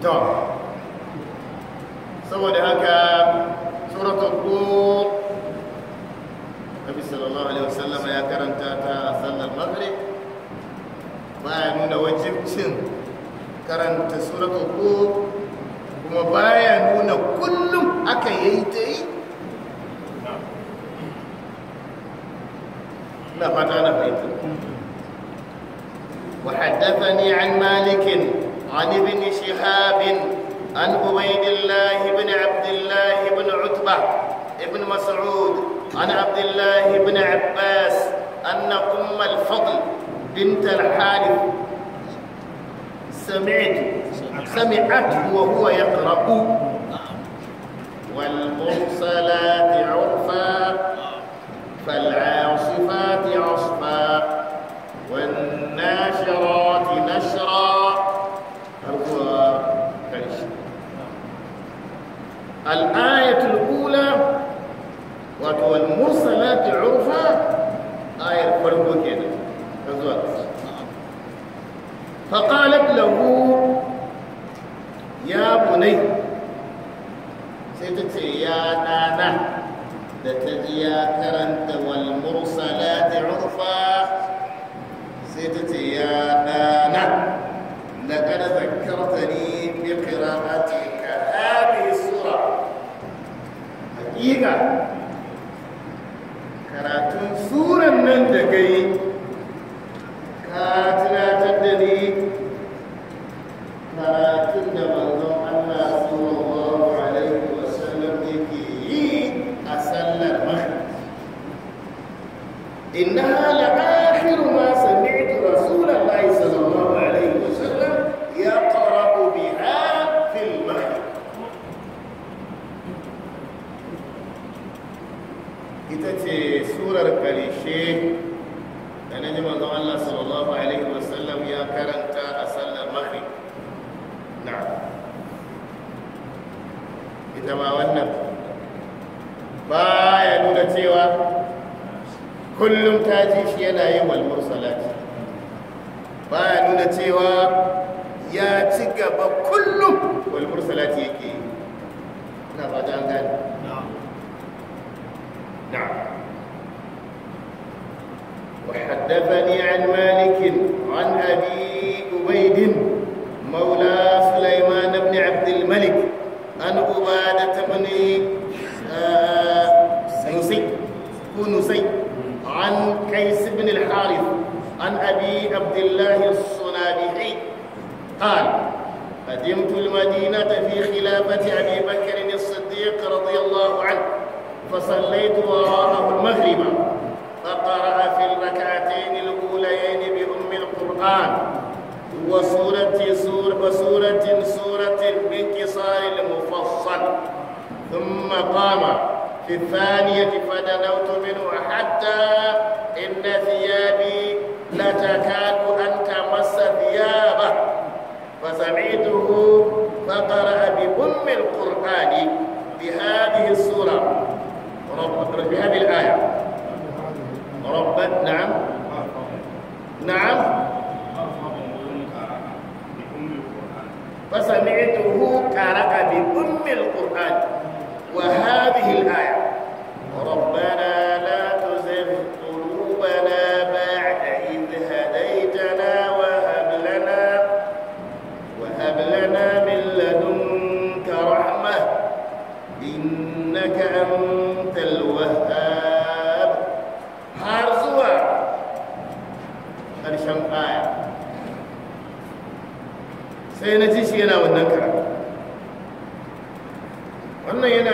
to saboda haka suratul qur nabi sallallahu alaihi wasallam ya karanta ta a sallar maghrib baya nuna wajibcin karanta suratul qur kuma baya nuna kullum aka yayi ta yi na fata na fahimta وحدثني عن مالك عن ابن شهاب عن عبيد الله بن عبد الله بن عتبة بن مسعود عن عبد الله بن عباس أن أم الفضل بنت الحارث سمعت سمعته وهو يقرأ الآية الأولى وتو المرسلات عرفة آية فرقو كده فقالت له يا بني سيدك يا نانا دتجي كرنت والمرسلات عرفة سيدك يا karatun suran nan da gai ka tunatar da ni karatun da manzon Allah sallallahu alaihi wasallam yake yi a sallar mahdi ita ce surar karshe da na ji manzon Allah sallallahu alaihi wasallam ya karanta a sallar maghrib na ita ma wannan ba ya nuna cewa kullum ta ji shi yana yin walmur salati ba ya nuna cewa ya ci gaba kullum walmur salati yake yi ina fata حدثني عن مالك عن أبي عبيد مولى سليمان بن عبد الملك عن عبادة بن سيوسي آه، نسي عن كيس بن الحارث عن أبي عبد الله الصنابحي قال قدمت المدينة في خلافة أبي بكر الصديق رضي الله عنه فصليت وراءه المغرب فقرأ في الركعتين الأوليين بأم القرآن وسورة سورة وسورة سورة بانكسار المفصل ثم قام في الثانية فدنوت منه حتى إن ثيابي لتكاد أن تمس ثيابه فسمعته فقرأ بأم القرآن بهذه السورة بهذه الآية أرفا نعم نعم فسمعته قرأ بأم القرآن وهذه الآية ربنا لا تزغ قلوبنا بعد إذ هديتنا وهب لنا وهب لنا من لدنك رحمة إنك أنت الوهاب ƙarshen aya sai na ji shi yana wannan karatu wannan yana